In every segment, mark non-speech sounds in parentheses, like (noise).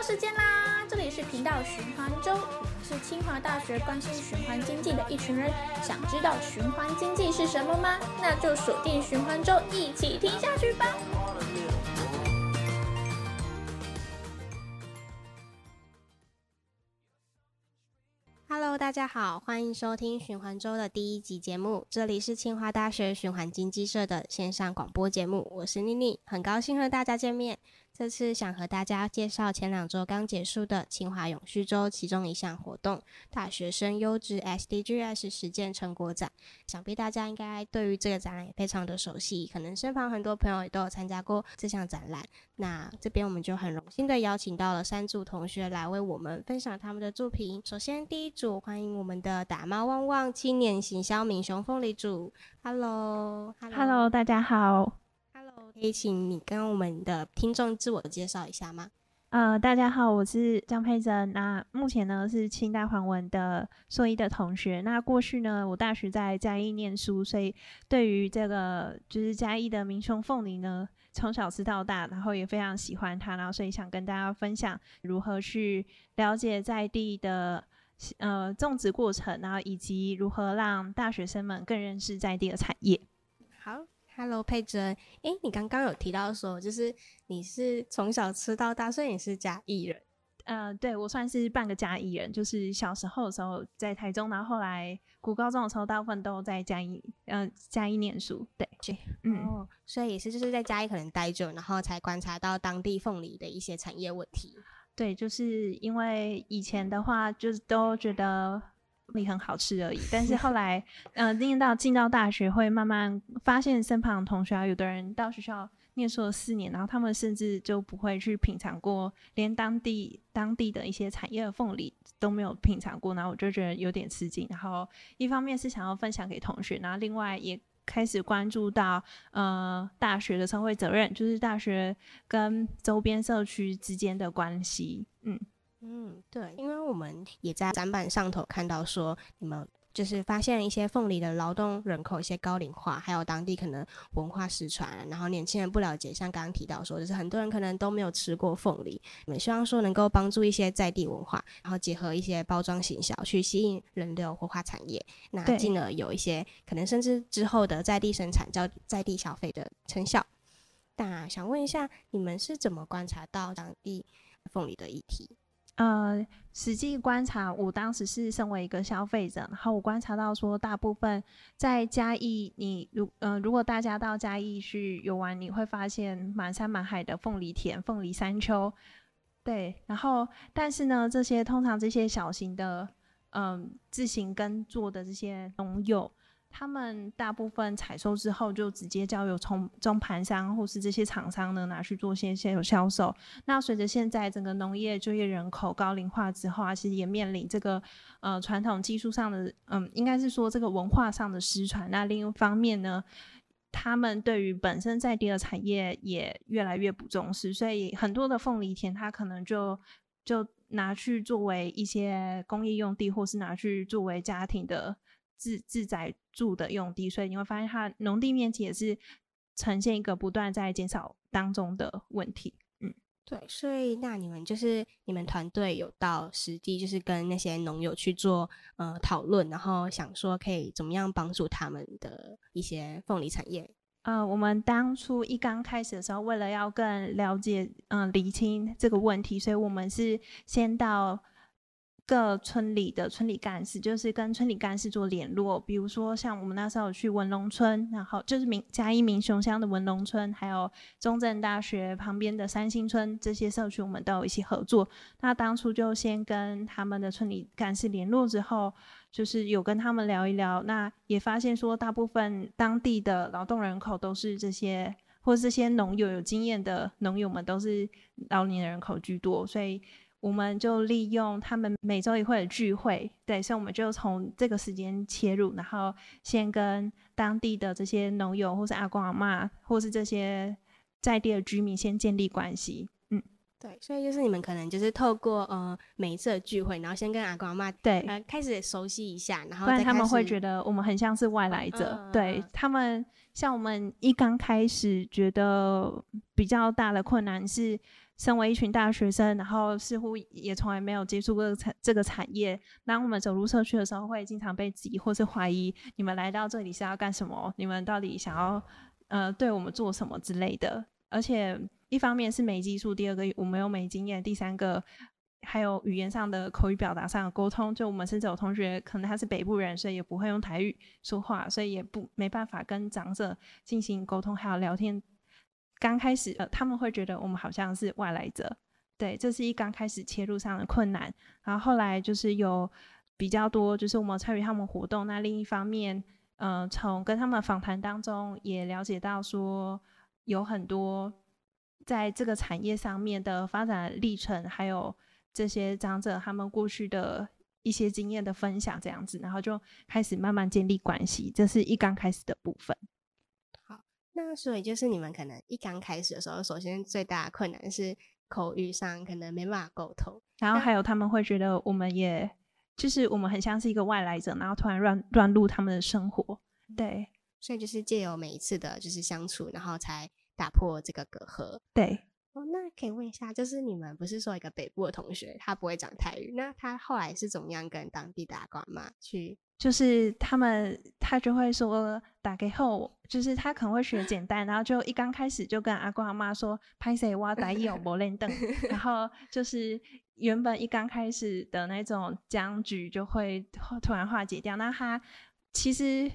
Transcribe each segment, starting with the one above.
時間啦！這裡是頻道循環周，我們是清華大學關心循環經濟的一群人。想知道循環經濟是什麼嗎？那就鎖定循環周，一起聽下去吧。Hello，大家好，歡迎收聽循環周的第一集節目。這裡是清華大學循環經濟社的線上廣播節目，我是妮妮，很高興和大家見面。這次想和大家介紹前兩週剛結束的清華永續週其中一項活動——大學生優質 SDGs 實踐成果展。想必大家應該對於這個展覽也非常的熟悉，可能身旁很多朋友也都有參加過這項展覽。那這邊我們就很榮幸的邀請到了三組同學來為我們分享他們的作品。首先第一組，歡迎我們的打貓旺旺青年行銷民雄鳳梨組。Hello，Hello，hello. hello，大家好。可以，請你跟我們的聽眾自我的介紹一下嗎？呃，大家好，我是張佩珍。那目前呢是清大環文的碩一的同學。那過去呢，我大學在嘉義念書，所以對於這個就是嘉義的民雄鳳梨呢，從小吃到大，然後也非常喜歡它，然後所以想跟大家分享如何去了解在地的呃種植過程，然後以及如何讓大學生們更認識在地的產業。好。Hello，佩珍，哎、欸，你剛剛有提到說，就是你是從小吃到大，所以你是嘉義人，呃，對，我算是半個嘉義人，就是小時候的時候在台中，然後後來讀高中的時候大部分都在嘉義，嗯、呃，嘉義念書，對，嗯、哦，所以也是就是在嘉義可能待久，然後才觀察到當地鳳梨的一些產業問題，對，就是因為以前的話，就是都覺得。你很好吃而已，但是後來，嗯、呃，進到進到大學，會慢慢發現身旁的同學，有的人到學校念書了四年，然後他們甚至就不會去品嘗過，連當地當地的一些產業的鳳梨都沒有品嘗過，然後我就覺得有點吃驚。然後一方面是想要分享給同學，然後另外也開始關注到，呃，大學的社會責任，就是大學跟周邊社區之間的關係，嗯。嗯，對，因為我們也在展板上頭看到說，你們就是發現一些鳳梨的勞動人口一些高齡化，還有當地可能文化失傳，然後年輕人不了解，像剛剛提到說，就是很多人可能都沒有吃過鳳梨。你們希望說能夠幫助一些在地文化，然後結合一些包裝行銷去吸引人流，活化產業，那進而有一些可能甚至之後的在地生產，叫在地消費的成效。那想問一下，你們是怎麼觀察到當地鳳梨的議題？呃，實際觀察，我當時是身為一個消費者，然後我觀察到說，大部分在嘉義，你如，呃如果大家到嘉義去遊玩，你會發現滿山滿海的鳳梨田、鳳梨山丘，對，然後但是呢，這些通常這些小型的嗯、呃、自行耕作的這些農友。他們大部分採收之後就直接交由從中盤商或是這些廠商呢拿去做些現有銷售。那隨着現在整個農業就業人口高齡化之後啊，其實也面臨這個呃傳統技術上的嗯，應該是說這個文化上的失傳。那另一方面呢，他們對於本身在地的產業也越來越不重視，所以很多的鳳梨田他可能就就拿去作為一些工業用地，或是拿去作為家庭的。自自在住的用地，所以你會發現它農地面積也是呈現一個不斷在減少當中的問題。嗯，對。所以那你們就是你們團隊有到實地，就是跟那些農友去做呃討論，然後想說可以怎麼樣幫助他們的一些鳳梨產業。啊、呃，我們當初一剛開始的時候，為了要更了解嗯、呃、釐清這個問題，所以我們是先到個村里的村里幹事，就是跟村里幹事做聯絡。比如說像我們那時候去文龍村，然後就是嘉義民雄鄉的文龍村，還有中正大學旁邊的三星村這些社區，我們都有一起合作。那當初就先跟他們的村里幹事聯絡之後，就是有跟他們聊一聊，那也發現說大部分當地的勞動人口都是這些，或是這些農友有經驗的農友們都是老年人口居多，所以。我們就利用他們每週一會的聚會，對，所以我們就從這個時間切入，然後先跟當地的這些農友，或是阿公阿媽，或是這些在地的居民先建立關係，嗯，對，所以就是你們可能就是透過嗯、呃、每一次的聚會，然後先跟阿公阿媽對、呃、開始熟悉一下，然後不然他們會覺得我們很像是外來者，哦、嗯嗯嗯嗯，對他們，像我們一剛開始覺得比較大的困難是，身為一群大學生，然後似乎也從來沒有接觸過產這個產業。當我們走入社區的時候，會經常被質疑，或是懷疑你們來到這裡是要幹什麼？你們到底想要，呃，對我們做什麼之類的？而且一方面是沒技術，第二個我們又沒經驗，第三個還有語言上的口語表達上的溝通。就我們甚至有同學，可能他是北部人，所以也不會用台語說話，所以也不沒辦法跟長者進行溝通，還有聊天。剛開始，呃，他們會覺得我們好像是外來者，對，這是一剛開始切入上的困難。然後後來就是有比較多，就是我們參與他們活動。那另一方面，嗯、呃，從跟他們訪談當中也了解到說，有很多在這個產業上面的發展的歷程，還有這些長者他們過去的一些經驗的分享，這樣子，然後就開始慢慢建立關係。這是一剛開始的部分。那所以就是你們可能一剛開始的時候，首先最大的困難是口語上可能沒辦法溝通，然後還有他們會覺得我們也、嗯、就是我們很像是一個外來者，然後突然亂亂入他們的生活。對，所以就是借由每一次的就是相處，然後才打破這個隔閡。對，哦、那可以問一下，就是你們不是說一個北部的同學他不會講台語，那他後來是怎麼樣跟當地打關嘛去？就是他們，他就會說打給後，就是他可能會學簡單， (laughs) 然後就一剛開始就跟阿公阿媽說，拍誰哇打一有磨練凳， (laughs) 然後就是原本一剛開始的那種僵局就會突然化解掉。那他其實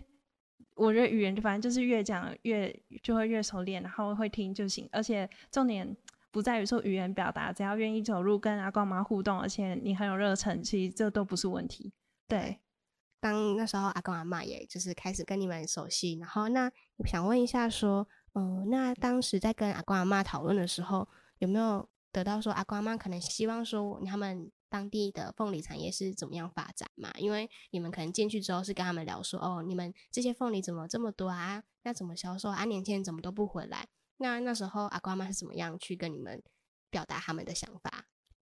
我覺得語言反正就是越講越就會越熟練，然後會聽就行，而且重點不在於說語言表達，只要願意走入跟阿公阿媽互動，而且你很有熱忱，其實這都不是問題。對。當那時候阿公阿媽也就是開始跟你們熟悉，然後那我想問一下說，嗯、呃，那當時在跟阿公阿媽討論的時候，有沒有得到說阿公阿媽可能希望說他們當地的鳳梨產業是怎麼樣發展嘛？因為你們可能進去之後是跟他們聊說，哦，你們這些鳳梨怎麼這麼多啊？那怎麼銷售啊？年輕人怎麼都不回來？那那時候阿公阿媽是怎麼樣去跟你們表達他們的想法？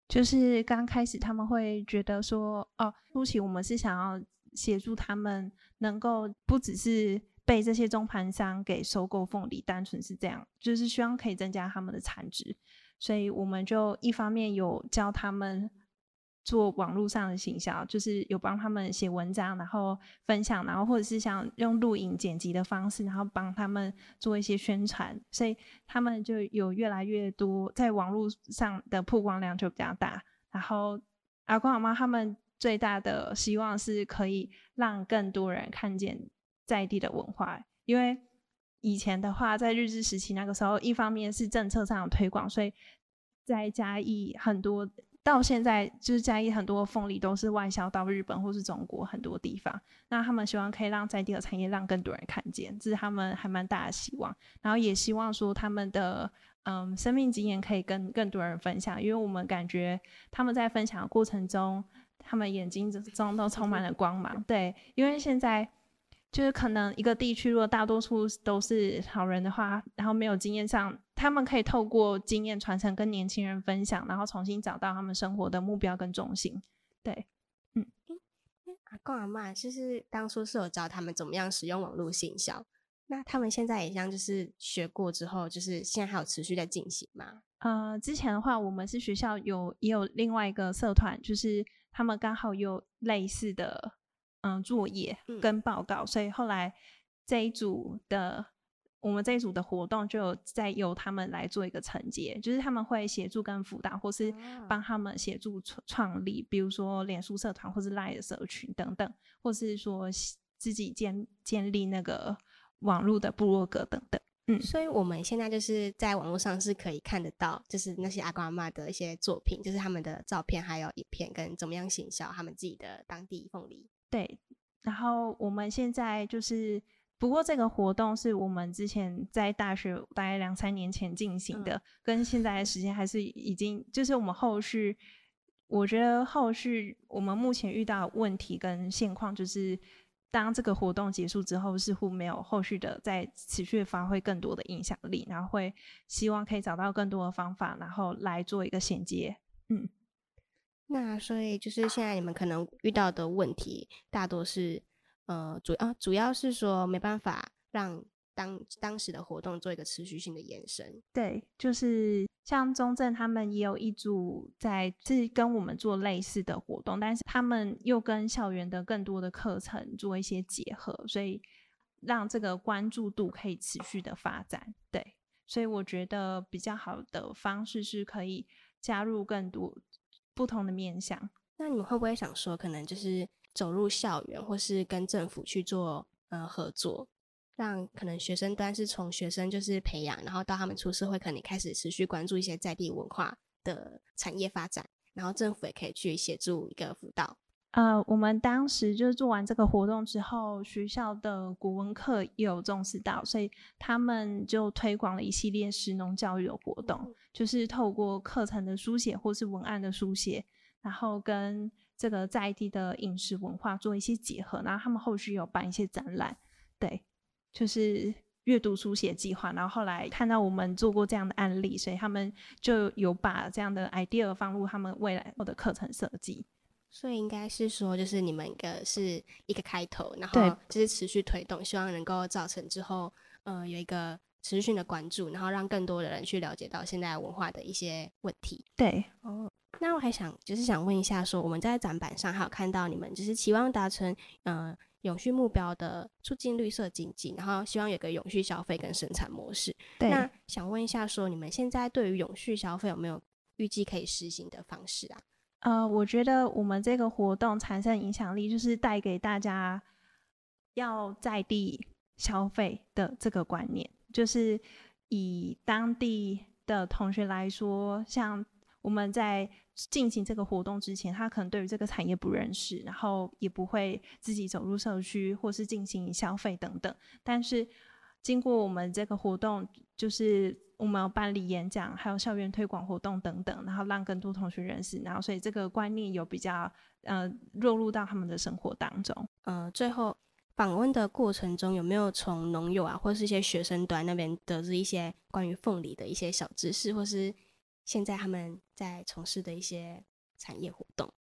就是剛開始他們會覺得說，哦，初期，我們是想要。協助他們能夠不只是被這些中盤商給收購鳳梨，單純是這樣，就是希望可以增加他們的產值。所以我們就一方面有教他們做網絡上的行銷，就是有幫他們寫文章，然後分享，然後或者是想用錄影剪輯的方式，然後幫他們做一些宣傳。所以他們就有越來越多在網絡上的曝光量就比較大。然後阿公阿媽他們。最大的希望是可以讓更多人看見在地的文化，因為以前的話，在日治時期那個時候，一方面是政策上有推廣，所以在嘉義很多到現在就是嘉義很多鳳梨都是外銷到日本或是中國很多地方。那他們希望可以讓在地的產業讓更多人看見，這是他們還蠻大的希望。然後也希望說他們的嗯生命經驗可以跟更多人分享，因為我們感覺他們在分享的過程中。他們眼睛中都充滿了光芒。對，因為現在就是可能一個地區，如果大多數都是好人的話，然後沒有經驗上，他們可以透過經驗傳承跟年輕人分享，然後重新找到他們生活的目標跟重心。對，嗯。嗯嗯阿公阿嬤就是當初是有教他們怎麼樣使用網絡行銷，那他們現在也像就是學過之後，就是現在還有持續在進行嘛？呃，之前的話，我們是學校有也有另外一個社團，就是。他們剛好有類似的嗯作業跟報告、嗯，所以後來這一組的我們這一組的活動就再由他們來做一個承接，就是他們會協助跟輔導，或是幫他們協助創創立，比如說臉書社團或是 LINE 社群等等，或是說自己建建立那個網絡的部落格等等。嗯、所以我們現在就是在網絡上是可以看得到，就是那些阿公阿媽的一些作品，就是他們的照片，還有影片，跟怎麼樣行銷他們自己的當地鳳梨。對，然後我們現在就是，不過這個活動是我們之前在大學大概兩三年前進行的、嗯，跟現在的時間還是已經，就是我們後續，我覺得後續我們目前遇到問題跟現況就是。當這個活動結束之後，似乎沒有後續的再持續發揮更多的影響力，然後會希望可以找到更多的方法，然後來做一個銜接。嗯，那所以就是現在你們可能遇到的問題，大多是呃，主要、啊、主要是說沒辦法讓。當當時的活動做一個持續性的延伸，對，就是像中正他們也有一組在是跟我們做類似的活動，但是他們又跟校園的更多的課程做一些結合，所以讓這個關注度可以持續的發展。對，所以我覺得比較好的方式是可以加入更多不同的面向。那你會不會想說，可能就是走入校園，或是跟政府去做呃合作，讓可能學生端是從學生就是培養，然後到他們出社會，可能開始持續關注一些在地文化的產業發展，然後政府也可以去協助一個輔導。呃，我們當時就是做完這個活動之後，學校的國文課也有重視到，所以他們就推廣了一系列食農教育的活動，嗯，就是透過課程的書寫或是文案的書寫，然後跟這個在地的飲食文化做一些結合。然後他們後續有辦一些展覽，對。就是閱讀書寫計劃，然後後來看到我們做過這樣的案例，所以他們就有把這樣的 idea 放入他們未來的課程設計。所以應該是說，就是你們一個是一個開頭，然後就是持續推動，希望能夠造成之後，呃，有一個持續的關注，然後讓更多的人去了解到現在文化的一些問題。對，哦，那我還想就是想問一下說，說我們在展板上還有看到你們，就是期望達成，嗯、呃。永續目標的促進綠色經濟，然後希望有個永續消費跟生產模式。對。那想問一下說，說你們現在對於永續消費有沒有預計可以實行的方式啊？呃，我覺得我們這個活動產生影響力，就是帶給大家要在地消費的這個觀念，就是以當地的同學來說，像我們在。進行這個活動之前，他可能對於這個產業不認識，然後也不會自己走入社區或是進行消費等等。但是，經過我們這個活動，就是我們有辦理演講，還有校園推廣活動等等，然後讓更多同學認識，然後所以這個觀念有比較呃落入到他們的生活當中。嗯、呃，最後訪問的過程中，有沒有從農友啊，或是一些學生端那邊得知一些關於鳳梨的一些小知識，或是？現在他們在從事的一些產業活動，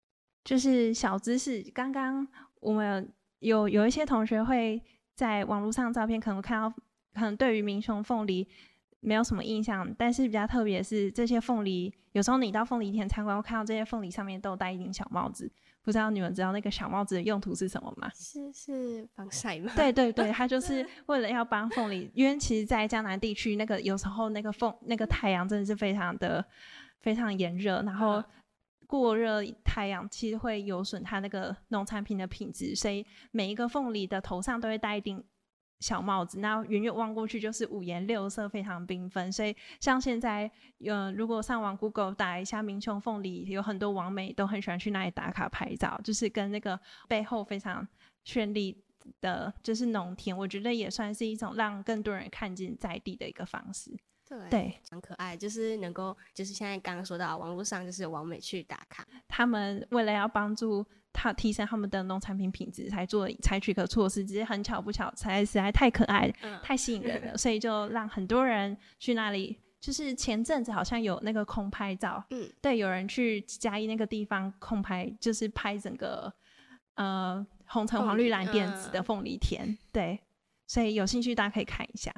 就是小知識。剛剛我們有有，有一些同學會在網絡上照片，可能看到，可能對於民雄鳳梨，沒有什麼印象，但是比較特別是，這些鳳梨有時候你到鳳梨田參觀，會看到這些鳳梨上面都有戴一頂小帽子。不知道你們知道那個小帽子的用途是什麼嗎？是是防曬嗎？對對對，它就是為了要幫鳳梨， (laughs) 因為其實，在嘉南地區，那個有時候那個鳳那個太陽真的是非常的 (laughs) 非常炎熱，然後過熱太陽其實會有損它那個農產品的品質，所以每一個鳳梨的頭上都會戴一頂。小帽子，那遠遠望過去就是五顏六色，非常繽紛。所以像現在，呃，如果上網 Google 打一下民雄鳳梨，有很多網美都很喜歡去那裡打卡拍照，就是跟那個背後非常絢麗的，就是農田，我覺得也算是一種讓更多人看見在地的一個方式。對，很可愛，就是能夠，就是現在剛剛說到網絡上就是有網美去打卡，他們為了要幫助他提升他們的農產品品質，才做採取的措施。只是很巧不巧，才實在太可愛，嗯、太吸引人了，嗯，所以就讓很多人去那裡。就是前陣子好像有那個空拍照，嗯，對，有人去嘉義那個地方空拍，就是拍整個呃紅橙黃綠藍靛紫的鳳梨田，嗯。對，所以有興趣大家可以看一下。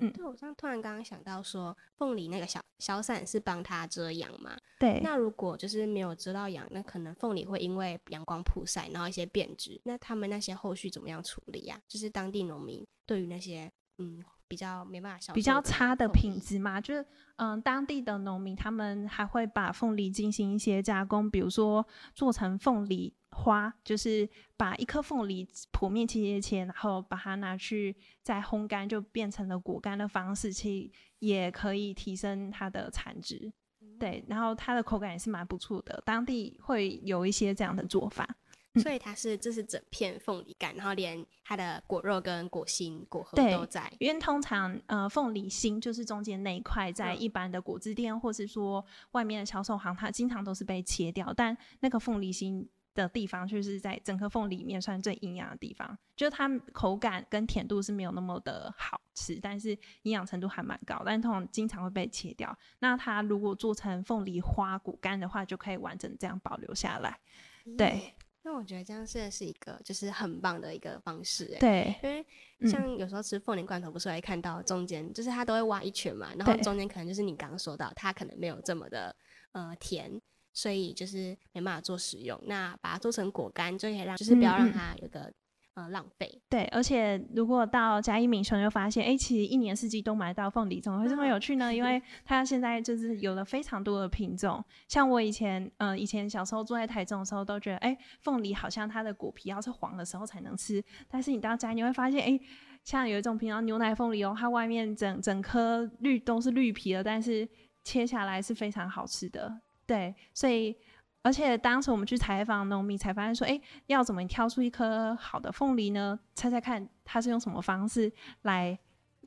嗯、欸，對我好像突然剛剛想到說，鳳、嗯、梨那個小小傘是幫它遮陽嘛？對，那如果就是沒有遮到陽，那可能鳳梨會因為陽光曝曬，然後一些變質。那他們那些後續怎麼樣處理呀、啊？就是當地農民對於那些嗯，比較沒辦法銷售，比較差的品質嘛，就是嗯，當地的農民他們還會把鳳梨進行一些加工，比如說做成鳳梨花，就是把一顆鳳梨剖面切切切，然後把它拿去再烘乾，就變成了果乾的方式，其實也可以提升它的產值。嗯。對，然後它的口感也是蠻不錯的，當地會有一些這樣的做法。嗯、所以它是，這是整片鳳梨乾，然後連它的果肉跟果心、果核都在。因為通常，呃，鳳梨心就是中間那一塊，在一般的果汁店、嗯、或是說外面的銷售行，它經常都是被切掉。但那個鳳梨心的，的地方，就是在整顆鳳梨裡面算最營養的地方，就是它口感跟甜度是沒有那麼的好吃，但是營養程度還蠻高。但通常經常會被切掉。那它如果做成鳳梨花果乾的話，就可以完整這樣保留下來。嗯、對。那我覺得這樣現在是一個，就是很棒的一個方式。欸，對，因為像有時候吃鳳梨罐頭，不是會看到中間、嗯，就是它都會挖一圈嘛，然後中間可能就是你剛剛說到，它可能沒有這麼的呃甜，所以就是沒辦法做食用，那把它做成果乾，就可以讓，就是不要讓它有的、嗯嗯。呃、嗯，浪費。對，而且如果到嘉義、民雄，就發現，哎、欸，其實一年四季都買到鳳梨，怎麼會這麼有趣呢？因為它現在就是有了非常多的品種。像我以前，呃，以前小時候住在台中的時候，都覺得，哎、欸，鳳梨好像它的果皮要是黃的時候才能吃。但是你到嘉，你會發現，哎、欸，像有一種品種牛奶鳳梨哦、喔，它外面整整顆綠都是綠皮的，但是切下來是非常好吃的。對，所以。而且當時我們去採訪農民，才發現說，哎、欸，要怎麼挑出一顆好的鳳梨呢？猜猜看，他是用什麼方式來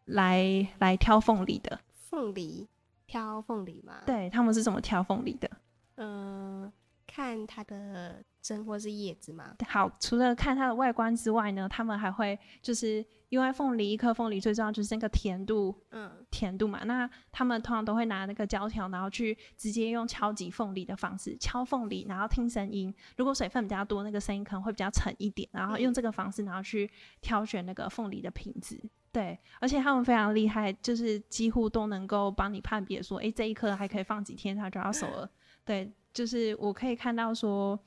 來來挑鳳梨的？鳳梨挑鳳梨嘛？對，他們是怎麼挑鳳梨的？嗯、呃，看他的。針或是葉子嘛，好，除了看它的外觀之外呢，他們還會就是因為鳳梨一顆鳳梨最重要就是那個甜度，嗯，甜度嘛，那他們通常都會拿那個膠條，然後去直接用敲擊鳳梨的方式敲鳳梨，然後聽聲音，如果水分比較多，那個聲音可能會比較沉一點，然後用這個方式然後去挑選那個鳳梨的品質，嗯，對，而且他們非常厲害，就是幾乎都能夠幫你判別說，哎、欸，這一顆還可以放幾天，它就要熟了，嗯、對，就是我可以看到說。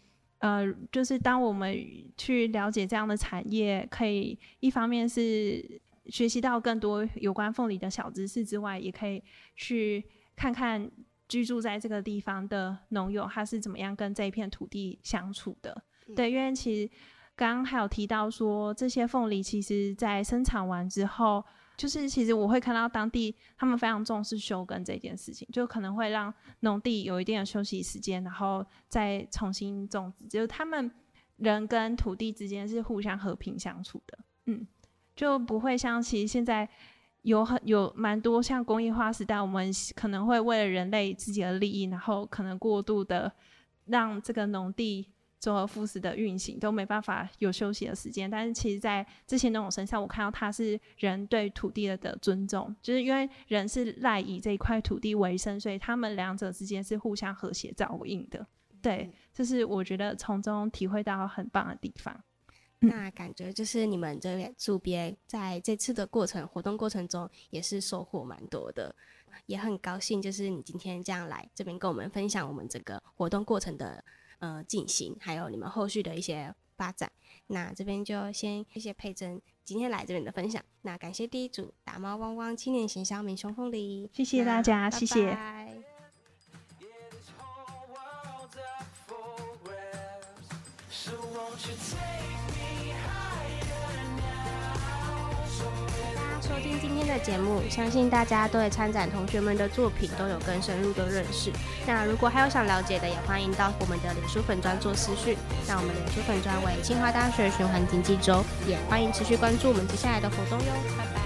呃，就是當我們去了解這樣的產業，可以一方面是學習到更多有關鳳梨的小知識之外，也可以去看看居住在這個地方的農友，他是怎麼樣跟這一片土地相處的。嗯、對，因為其實剛剛還有提到說，這些鳳梨其實在生產完之後。就是其實我會看到當地他們非常重視休耕這件事情，就可能會讓農地有一定的休息時間，然後再重新種植。就是他們人跟土地之間是互相和平相處的，嗯，就不會像其實現在有很有蠻多像工業化時代，我們可能會為了人類自己的利益，然後可能過度的讓這個農地。周而復始的運行，都沒辦法有休息的時間，但是其實，在這些農友身上，我看到他是人對土地的尊重，就是因為人是賴以這一塊土地為生，所以他們兩者之間是互相和諧照應的，嗯。對，這是我覺得從中體會到很棒的地方。嗯、那感覺就是你們這邊主編在這次的過程活動過程中也是收穫蠻多的，也很高興就是你今天這樣來這邊跟我們分享我們這個活動過程的。呃，進行還有你們後續的一些發展，那這邊就先謝謝佩珍今天來這邊的分享，那感謝第一組打貓旺旺青年行銷民雄鳳梨，謝謝大家，拜拜謝謝。的節目，相信大家對參展同學們的作品都有更深入的認識。那如果還有想了解的，也歡迎到我們的臉書粉專做私訊。那我們臉書粉專為清華大學循環經濟周，也歡迎持續關注我們接下來的活動喲。拜拜。